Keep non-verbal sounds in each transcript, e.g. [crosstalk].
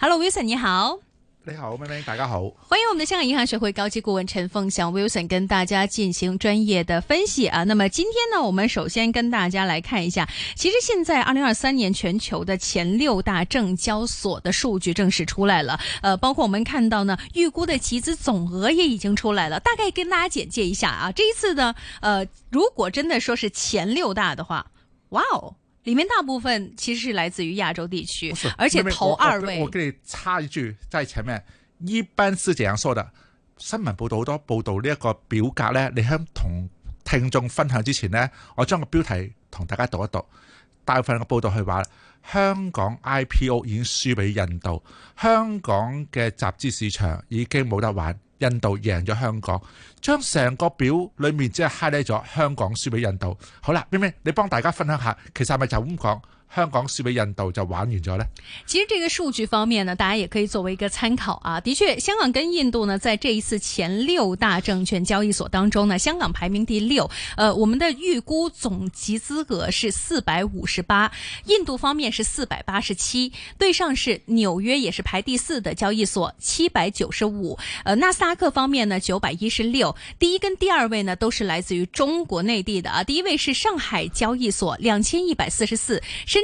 Hello Wilson，你好，你好，妹妹，大家好，歡迎我們的香港銀行學會高級顧問陳鳳翔 Wilson 跟大家進行專業的分析啊。那麼今天呢，我們首先跟大家來看一下，其實現在二零二三年全球的前六大證交所的數據正式出來了，呃，包括我們看到呢，預估的集資總額也已經出來了。大概跟大家簡介一下啊，這一次呢，呃，如果真的說是前六大的話，哇哦！裏面大部分其實係來自於亞洲地區，塞而且頭二位。我給你插一句，在前面一般是這樣說的：新聞報道好多報道呢，一個表格呢，你喺同聽眾分享之前呢，我將個標題同大家讀一讀。大部分嘅報道係話香港 IPO 已經輸俾印度，香港嘅集資市場已經冇得玩。印度贏咗香港，將成個表裏面只係 highlight 咗香港輸俾印度。好啦，明明你幫大家分享下，其實係咪就咁講？香港輸俾印度就玩完咗呢。其實這個數據方面呢，大家也可以作為一個參考啊。的確，香港跟印度呢，在這一次前六大證券交易所當中呢，香港排名第六。呃，我們的預估總集資額是四百五十八，印度方面是四百八十七，對上是紐約也是排第四的交易所七百九十五。95，呃，納斯達克方面呢九百一十六，16，第一跟第二位呢都是來自於中國內地的啊。第一位是上海交易所兩千一百四十四，深。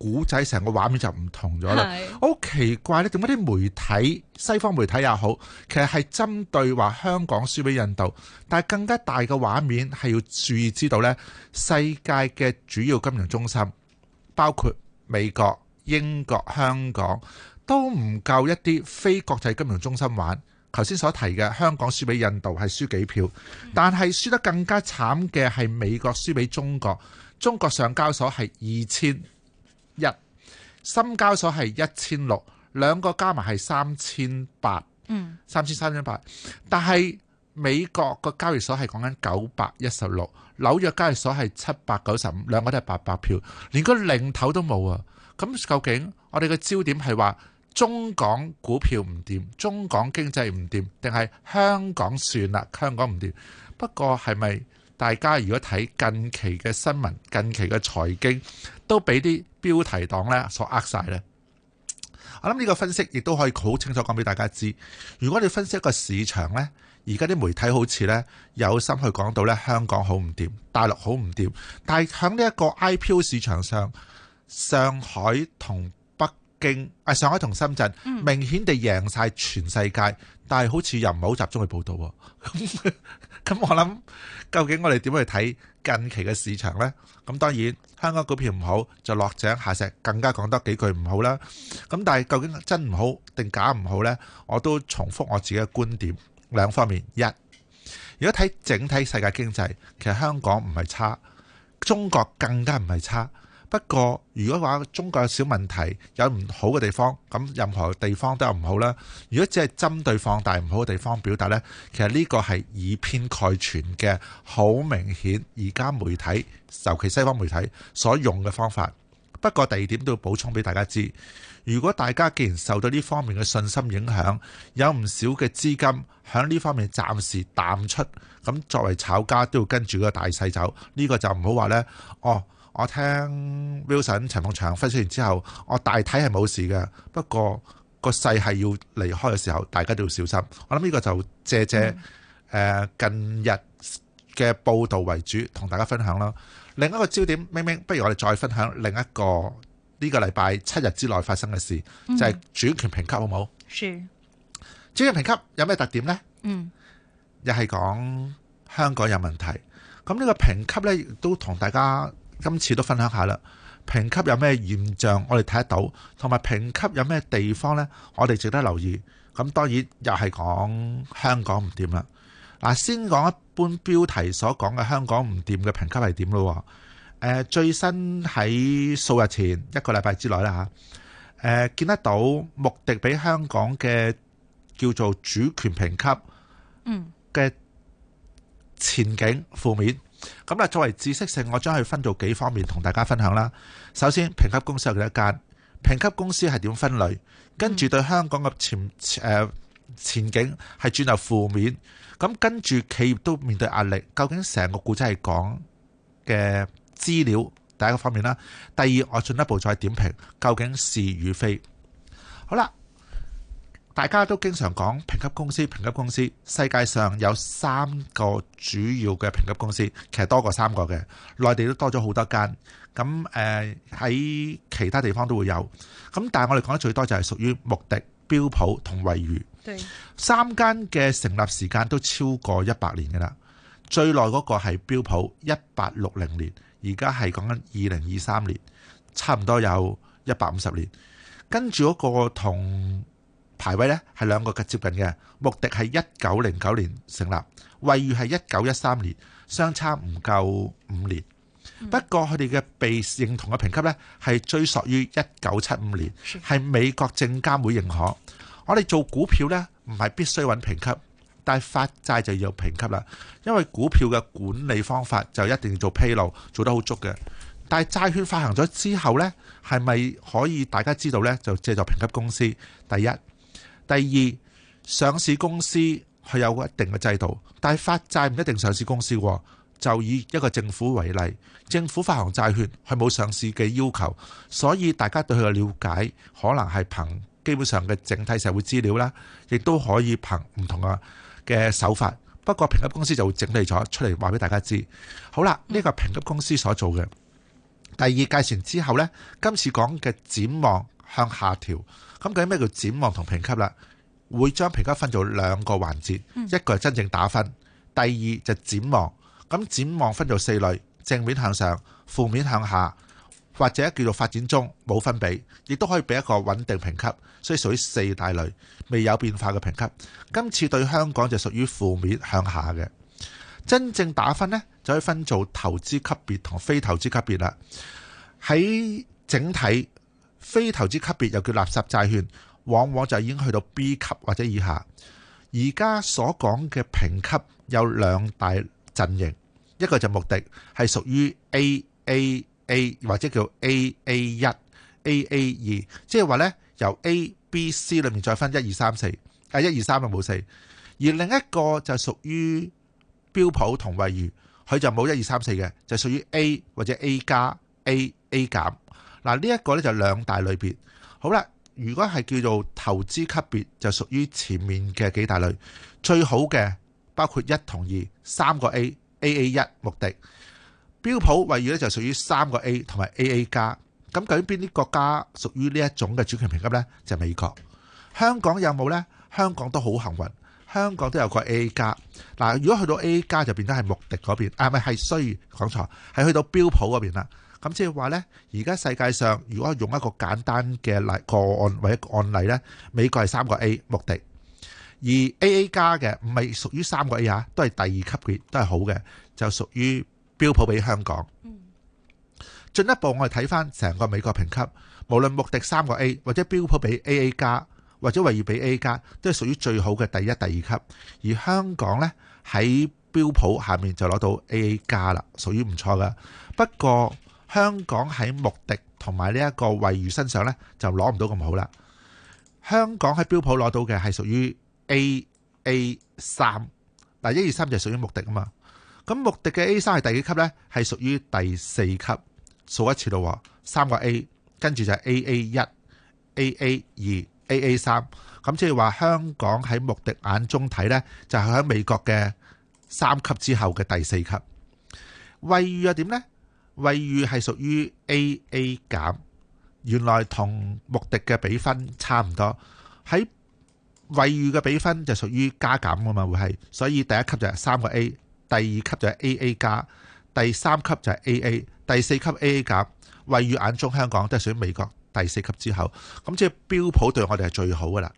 古仔成個畫面就唔同咗啦，好是奇怪咧！點解啲媒體西方媒體也好，其實係針對話香港輸俾印度，但係更加大嘅畫面係要注意，知道呢世界嘅主要金融中心包括美國、英國、香港都唔夠一啲非國際金融中心玩。頭先所提嘅香港輸俾印度係輸幾票，嗯、但係輸得更加慘嘅係美國輸俾中國。中國上交所係二千。一深交所係一千六，兩個加埋係三千八，嗯，三千三千八。但係美國個交易所係講緊九百一十六，紐約交易所係七百九十五，兩個都係八百票，連個零頭都冇啊！咁究竟我哋嘅焦點係話中港股票唔掂，中港經濟唔掂，定係香港算啦？香港唔掂？不過係咪？大家如果睇近期嘅新聞、近期嘅財經，都俾啲標題黨呢所呃晒。呢我諗呢個分析亦都可以好清楚講俾大家知。如果你分析一個市場呢，而家啲媒體好似呢，有心去講到呢香港好唔掂、大陸好唔掂，但係喺呢一個 IPO 市場上，上海同。經啊，上海同深圳明顯地贏晒全世界，嗯、但係好似又唔好集中去報道。咁 [laughs] 我諗究竟我哋點去睇近期嘅市場呢？咁當然香港股票唔好就落井下石，更加講多幾句唔好啦。咁但係究竟真唔好定假唔好呢？我都重複我自己嘅觀點，兩方面一。如果睇整體世界經濟，其實香港唔係差，中國更加唔係差。不過，如果話中國有小問題，有唔好嘅地方，咁任何地方都有唔好啦。如果只係針對放大唔好嘅地方表達呢，其實呢個係以偏概全嘅，好明顯。而家媒體，尤其西方媒體所用嘅方法。不過第二點都要補充俾大家知，如果大家既然受到呢方面嘅信心影響，有唔少嘅資金響呢方面暫時淡出，咁作為炒家都要跟住個大勢走。呢個就唔好話呢。哦。我聽 Wilson 陳鳳翔分析完之後，我大體係冇事嘅，不過個勢係要離開嘅時候，大家都要小心。我諗呢個就借借誒近日嘅報道為主，同大家分享啦。另一個焦點，明明不如我哋再分享另一個呢個禮拜七日之內發生嘅事，嗯、就係主權評級好唔好？是主權評級有咩特點呢？嗯，又係講香港有問題。咁呢個評級呢，都同大家。今次都分享下啦，評級有咩現象我哋睇得到，同埋評級有咩地方呢？我哋值得留意。咁當然又係講香港唔掂啦。嗱，先講一般標題所講嘅香港唔掂嘅評級係點咯？誒、呃，最新喺數日前一個禮拜之內啦嚇，誒、呃，見得到穆迪俾香港嘅叫做主權評級，嗯，嗯嘅。前景負面，咁咧作為知識性，我將佢分做幾方面同大家分享啦。首先，評級公司有幾多間？評級公司係點分類？跟住對香港嘅前誒前景係轉頭負面，咁跟住企業都面對壓力。究竟成個故仔係講嘅資料，第一個方面啦，第二我進一步再點評，究竟是與非？好啦。大家都經常講評級公司，評級公司。世界上有三個主要嘅評級公司，其實多過三個嘅，內地都多咗好多間。咁誒喺其他地方都會有。咁但係我哋講得最多就係屬於穆迪、標普同惠譽三間嘅，成立時間都超過一百年嘅啦。最耐嗰個係標普一八六零年，而家係講緊二零二三年，差唔多有一百五十年。跟住嗰個同。排位咧係兩個嘅，接近嘅。穆迪係一九零九年成立，惠譽係一九一三年，相差唔夠五年。不過佢哋嘅被認同嘅評級咧係追溯於一九七五年，係美國證監會認可。我哋做股票咧唔係必須揾評級，但係發債就要評級啦，因為股票嘅管理方法就一定要做披露，做得好足嘅。但係債券發行咗之後咧，係咪可以大家知道咧？就借助評級公司，第一。第二，上市公司係有一定嘅制度，但係發債唔一定上市公司喎。就以一個政府為例，政府發行債券，佢冇上市嘅要求，所以大家對佢嘅了解可能係憑基本上嘅整體社會資料啦，亦都可以憑唔同啊嘅手法。不過評級公司就會整理咗出嚟話俾大家知。好啦，呢個評級公司所做嘅第二階段之後咧，今次講嘅展望，向下調，咁究竟咩叫展望同評級啦？會將評級分做兩個環節，嗯、一個係真正打分，第二就展望。咁展望分做四類：正面向上、負面向下，或者叫做發展中冇分比，亦都可以俾一個穩定評級，所以屬於四大類未有變化嘅評級。今次對香港就屬於負面向下嘅。真正打分呢，就可以分做投資級別同非投資級別啦。喺整體。非投資級別又叫垃圾債券，往往就已經去到 B 級或者以下。而家所講嘅評級有兩大陣營，一個就是穆迪係屬於 AAA 或者叫 AA 一、AA 二，即係話呢由 ABC 裏面再分一二三四，啊一二三就冇四。而另一個就是屬於標普同惠譽，佢就冇一二三四嘅，就屬於 A 或者 A 加、A A 減。嗱，呢一個咧就兩大類別，好啦。如果係叫做投資級別，就屬於前面嘅幾大類最好嘅，包括一同二三個 A、A A 一穆迪、標普，位置咧就屬於三個 A 同埋 A A 加。咁究竟邊啲國家屬於呢一種嘅主權評級呢？就係、美國、香港有冇呢？香港都好幸運，香港都有個 A A 加。嗱，如果去到 A A 加就變咗係穆迪嗰邊，啊唔係，係衰，講錯，係去到標普嗰邊啦。咁即係話呢，而家世界上如果用一個簡單嘅例個案或者案例呢，美國係三個 A，穆迪而 AA 加嘅唔係屬於三個 A 啊，都係第二級別，都係好嘅，就屬於標普畀香港。進一步我哋睇翻成個美國評級，無論穆迪三個 A 或者標普畀 AA 加或者維爾畀 AA 加，都係屬於最好嘅第一、第二級。而香港呢，喺標普下面就攞到 AA 加啦，屬於唔錯㗎。不過香港喺穆迪同埋呢一個惠譽身上呢，就攞唔到咁好啦。香港喺標普攞到嘅係屬於 A A 三，嗱一二三就係屬於穆迪啊嘛。咁穆迪嘅 A 三係第幾級呢？係屬於第四級，數一次咯，三個 A，跟住就係 A A 一、A A 二、A A 三。咁即係話香港喺穆迪眼中睇呢，就係喺美國嘅三級之後嘅第四級。惠譽又點呢？惠譽係屬於 A A 減，原來同穆迪嘅比分差唔多。喺惠譽嘅比分就是屬於加減噶嘛，會係所以第一級就係三個 A，第二級就係 A A 加，第三級就係 A A，第四級 A A 減。惠譽眼中香港都係屬於美國第四級之後，咁即係標普對我哋係最好噶啦。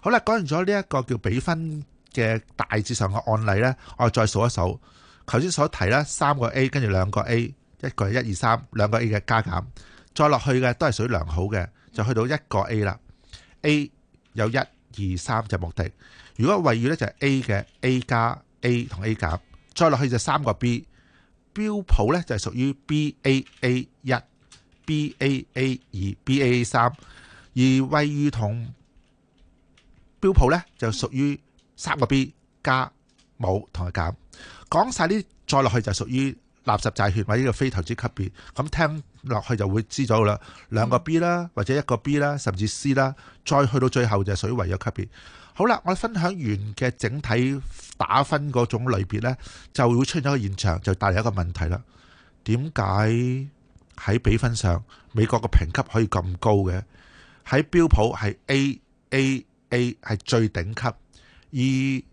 好啦，講完咗呢一個叫比分嘅大致上嘅案例呢，我哋再數一數，頭先所提啦，三個 A 跟住兩個 A。一個係一二三，兩個 A 嘅加減，再落去嘅都係屬於良好嘅，就去到一個 A 啦。A 有一二三就目的。如果位於呢，就係 A 嘅 A 加 A 同 A 減，再落去就三個 B。標普呢就係屬於 BAA 一、BAA 二、BAA 三，而位於同標普呢，就屬於三個 B 加冇同佢減。講晒呢，再落去就屬於垃圾債券或者呢個非投資級別，咁聽落去就會知道啦。兩個 B 啦，或者一個 B 啦，甚至 C 啦，再去到最後就係水位嘅級別。好啦，我分享完嘅整體打分嗰種類別呢，就會出咗個現場，就帶嚟一個問題啦。點解喺比分上美國嘅評級可以咁高嘅？喺標普係 AAA 係最頂級，而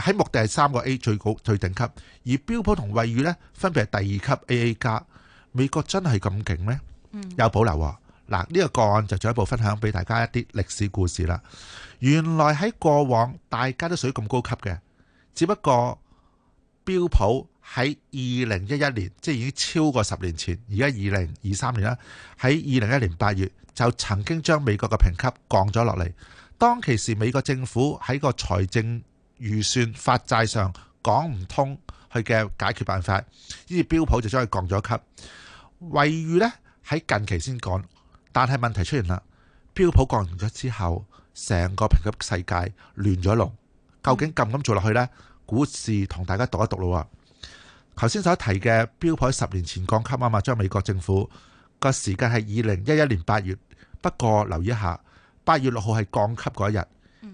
喺穆迪係三個 A，最高最頂級，而標普同惠譽呢，分別係第二級 AA 加。美國真係咁勁咩？有保留啊！嗱，呢個個案就進一步分享俾大家一啲歷史故事啦。原來喺過往大家都屬於咁高級嘅，只不過標普喺二零一一年，即係已經超過十年前，而家二零二三年啦，喺二零一年八月就曾經將美國嘅評級降咗落嚟。當其時美國政府喺個財政預算法債上講唔通佢嘅解決辦法，於是標普就將佢降咗級。惠譽呢，喺近期先講，但係問題出現啦。標普降完咗之後，成個評級世界亂咗龍。究竟咁咁做落去呢？股市同大家讀一讀咯喎，頭先所提嘅標普喺十年前降級啊嘛，將美國政府個時間係二零一一年八月。不過留意一下，八月六號係降級嗰一日，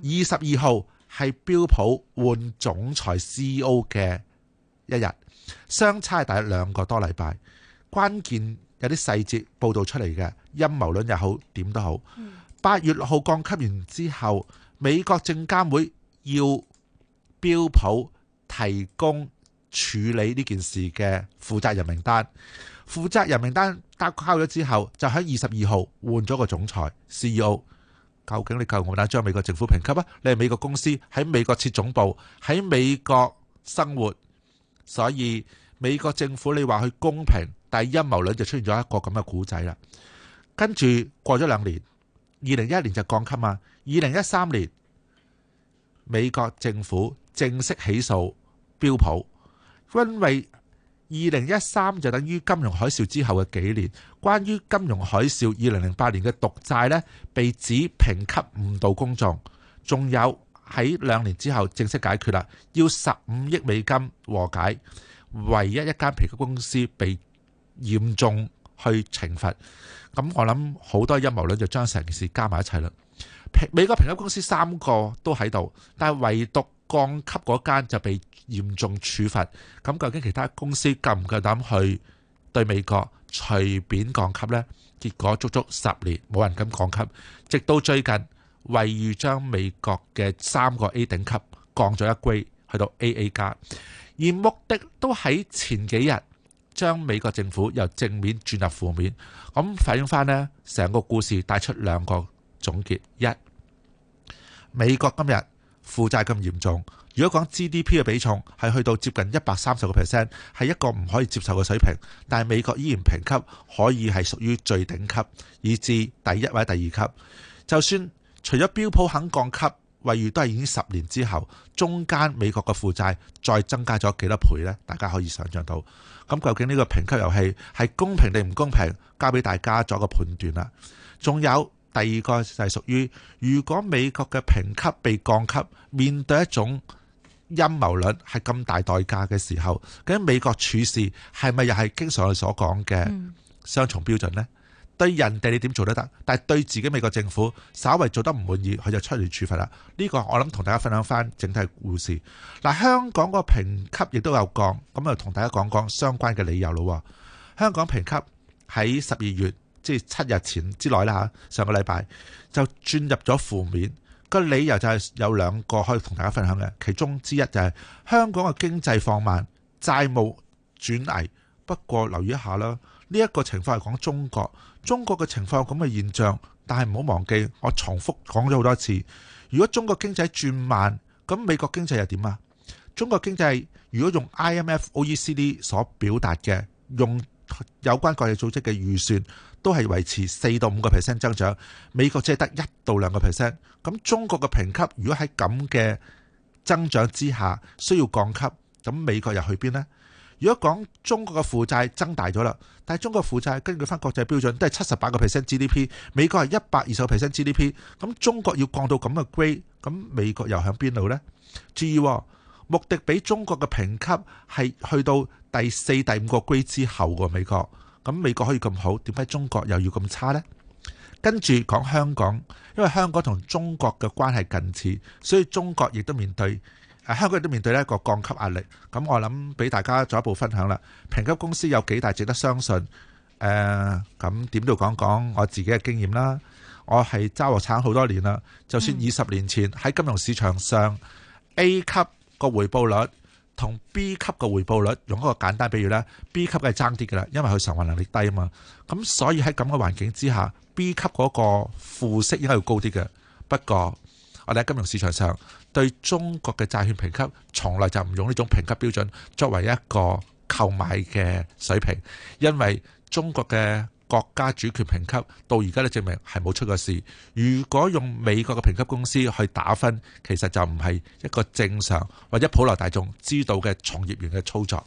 二十二號。係標普換總裁 C E O 嘅一日，相差大約兩個多禮拜。關鍵有啲細節報道出嚟嘅陰謀論又好，點都好。八月六號降級完之後，美國證監會要標普提供處理呢件事嘅負責人名單。負責人名單答交咗之後，就喺二十二號換咗個總裁 C E O。究竟你夠唔夠膽將美國政府評級啊？你係美國公司喺美國設總部，喺美國生活，所以美國政府你話佢公平，但係陰謀論就出現咗一個咁嘅古仔啦。跟住過咗兩年，二零一一年就降級嘛，二零一三年美國政府正式起訴標普，因為。二零一三就等於金融海嘯之後嘅幾年，關於金融海嘯二零零八年嘅毒債呢，被指評級誤導公眾，仲有喺兩年之後正式解決啦，要十五億美金和解，唯一一間評級公司被嚴重去懲罰，咁我諗好多陰謀論就將成件事加埋一齊啦。美國評級公司三個都喺度，但係唯獨。降級嗰間就被嚴重處罰，咁究竟其他公司夠唔夠膽去對美國隨便降級呢？結果足足十年冇人敢降級，直到最近惠譽將美國嘅三個 A 頂級降咗一 grade 去到 AA 加，而目的都喺前幾日將美國政府由正面轉入負面，咁反映翻呢成個故事帶出兩個總結：一美國今日。負債咁嚴重，如果講 GDP 嘅比重係去到接近一百三十個 percent，係一個唔可以接受嘅水平。但係美國依然評級可以係屬於最頂級，以至第一位、第二級。就算除咗標普肯降級，位遇都係已經十年之後，中間美國嘅負債再增加咗幾多倍呢？大家可以想像到。咁究竟呢個評級遊戲係公平定唔公平？交俾大家作個判斷啦。仲有。第二個就係屬於，如果美國嘅評級被降級，面對一種陰謀論係咁大代價嘅時候，究竟美國處事係咪又係經常我哋所講嘅雙重標準呢？嗯、對人哋你點做都得，但係對自己美國政府稍微做得唔滿意，佢就出嚟處罰啦。呢、呢個我諗同大家分享翻整體故事。嗱，香港個評級亦都有降，咁啊同大家講講相關嘅理由咯。香港評級喺十二月。即係七日前之內啦，上個禮拜就轉入咗負面，個理由就係有兩個可以同大家分享嘅，其中之一就係香港嘅經濟放慢、債務轉危。不過留意一下啦，呢一個情況係講中國，中國嘅情況有咁嘅現象，但係唔好忘記，我重複講咗好多次，如果中國經濟轉慢，咁美國經濟又點啊？中國經濟如果用 IMF、OECD 所表達嘅用。有關國際組織嘅預算都係維持四到五個 percent 增長，美國只係得一到兩個 percent。咁中國嘅評級如果喺咁嘅增長之下需要降級，咁美國又去邊呢？如果講中國嘅負債增大咗啦，但係中國負債根據翻國際標準都係七十八個 percent GDP，美國係一百二十個 percent GDP，咁中國要降到咁嘅 grade，咁美國又響邊度呢？注意話。穆迪俾中國嘅評級係去到第四、第五個 grade 之後喎，美國，咁美國可以咁好，點解中國又要咁差呢？跟住講香港，因為香港同中國嘅關係近似，所以中國亦都面對，啊香港亦都面對咧一個降級壓力。咁我諗俾大家進一步分享啦，評級公司有幾大值得相信？誒咁點都講講我自己嘅經驗啦。我係揸貨產好多年啦，就算二十年前喺金融市場上 A 級。個回報率同 B 級嘅回報率，用一個簡單比喻咧，B 級嘅係爭啲嘅啦，因為佢償還能力低啊嘛，咁所以喺咁嘅環境之下，B 級嗰個負息應該要高啲嘅。不過我哋喺金融市場上對中國嘅債券評級，從來就唔用呢種評級標準作為一個購買嘅水平，因為中國嘅。國家主權評級到而家咧，證明係冇出過事。如果用美國嘅評級公司去打分，其實就唔係一個正常或者普羅大眾知道嘅從業員嘅操作。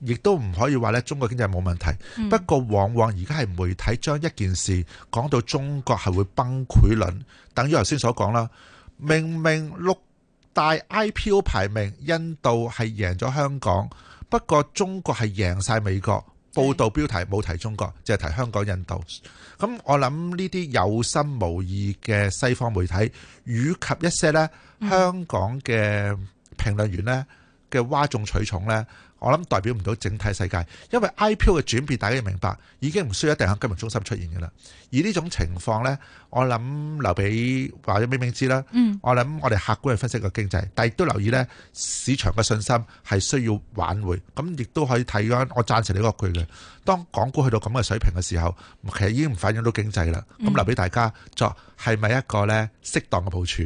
亦都唔可以話咧，中國經濟冇問題。嗯、不過往往而家係媒體將一件事講到中國係會崩潰論，等於頭先所講啦。明明六大 IPO 排名，印度係贏咗香港，不過中國係贏晒美國。報道標題冇提中國，就係的提香港、印度。咁我諗呢啲有心無意嘅西方媒體，與及一些呢香港嘅評論員呢嘅嘩眾取寵呢。我諗代表唔到整體世界，因為 IPO 嘅轉變，大家要明白已經唔需要一定喺金融中心出現嘅啦。而呢種情況呢，我諗留俾或者明明知啦。我諗我哋客觀去分析個經濟，但係都留意呢市場嘅信心係需要挽回。咁亦都可以睇翻我贊成你嗰句嘅。當港股去到咁嘅水平嘅時候，其實已經唔反映到經濟啦。咁留俾大家作係咪一個呢適當嘅部署？